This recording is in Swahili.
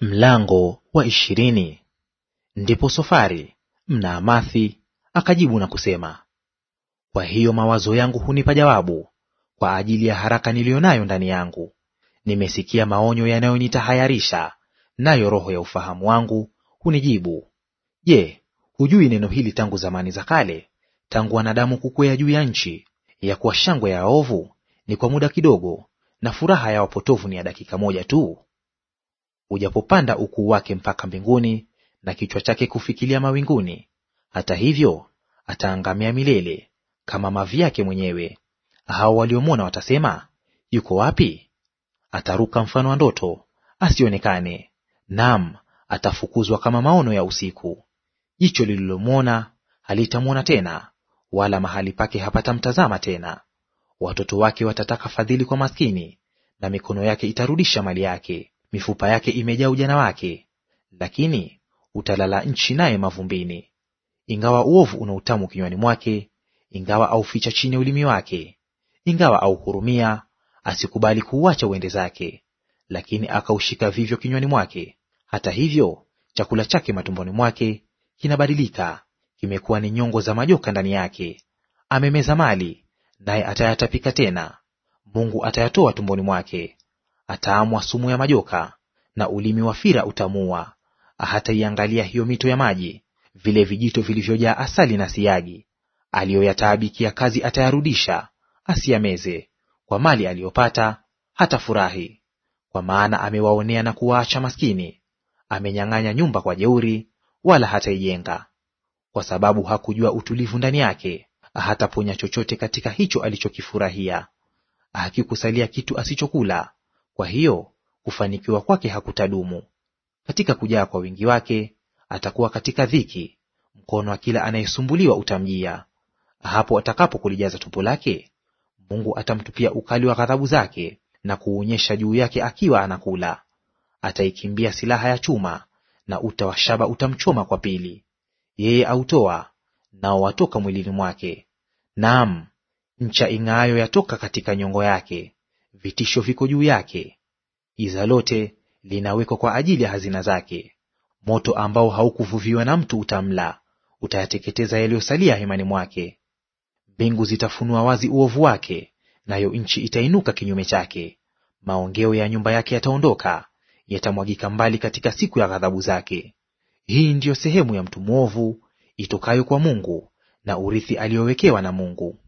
Mlango wa ishirini. Ndipo Sofari Mnaamathi akajibu na kusema, kwa hiyo mawazo yangu hunipa jawabu kwa ajili ya haraka niliyo nayo ndani yangu. Nimesikia maonyo yanayonitahayarisha, nayo roho ya ufahamu wangu hunijibu, Je, hujui neno hili tangu zamani za kale, tangu wanadamu kukwea juu ya nchi, ya kuwa shangwe ya waovu ni kwa muda kidogo, na furaha ya wapotovu ni ya dakika moja tu? Ujapopanda ukuu wake mpaka mbinguni, na kichwa chake kufikilia mawinguni, hata hivyo ataangamia milele, kama mavi yake mwenyewe. Hao waliomwona watasema, yuko wapi? Ataruka mfano wa ndoto, asionekane; naam, atafukuzwa kama maono ya usiku. Jicho lililomwona halitamwona tena, wala mahali pake hapatamtazama tena. Watoto wake watataka fadhili kwa maskini, na mikono yake itarudisha mali yake mifupa yake imejaa ujana wake, lakini utalala nchi naye mavumbini. Ingawa uovu una utamu kinywani mwake, ingawa auficha chini ya ulimi wake, ingawa auhurumia, asikubali kuuacha uende zake, lakini akaushika vivyo kinywani mwake. Hata hivyo chakula chake matumboni mwake kinabadilika, kimekuwa ni nyongo za majoka ndani yake. Amemeza mali, naye atayatapika tena; Mungu atayatoa tumboni mwake ataamwa sumu ya majoka, na ulimi wa fira utamua Hataiangalia hiyo mito ya maji, vile vijito vilivyojaa asali na siagi. Aliyoyataabikia kazi atayarudisha, asiyameze; kwa mali aliyopata hata furahi Kwa maana amewaonea na kuwaacha maskini, amenyang'anya nyumba kwa jeuri, wala hataijenga. Kwa sababu hakujua utulivu ndani yake, hataponya chochote katika hicho alichokifurahia. Hakikusalia kitu asichokula, kwa hiyo kufanikiwa kwake hakutadumu. Katika kujaa kwa wingi wake atakuwa katika dhiki, mkono wa kila anayesumbuliwa utamjia. Hapo atakapokulijaza tumbo lake, Mungu atamtupia ukali wa ghadhabu zake na kuuonyesha juu yake akiwa anakula. Ataikimbia silaha ya chuma, na uta wa shaba utamchoma kwa pili. Yeye autoa nao watoka mwilini mwake, naam ncha ing'aayo yatoka katika nyongo yake vitisho viko juu yake, giza lote linawekwa kwa ajili ya hazina zake. Moto ambao haukuvuviwa na mtu utamla, utayateketeza yaliyosalia hemani mwake. Mbingu zitafunua wazi uovu wake, nayo nchi itainuka kinyume chake. Maongeo ya nyumba yake yataondoka, yatamwagika mbali katika siku ya ghadhabu zake. Hii ndiyo sehemu ya mtu mwovu itokayo kwa Mungu, na urithi aliyowekewa na Mungu.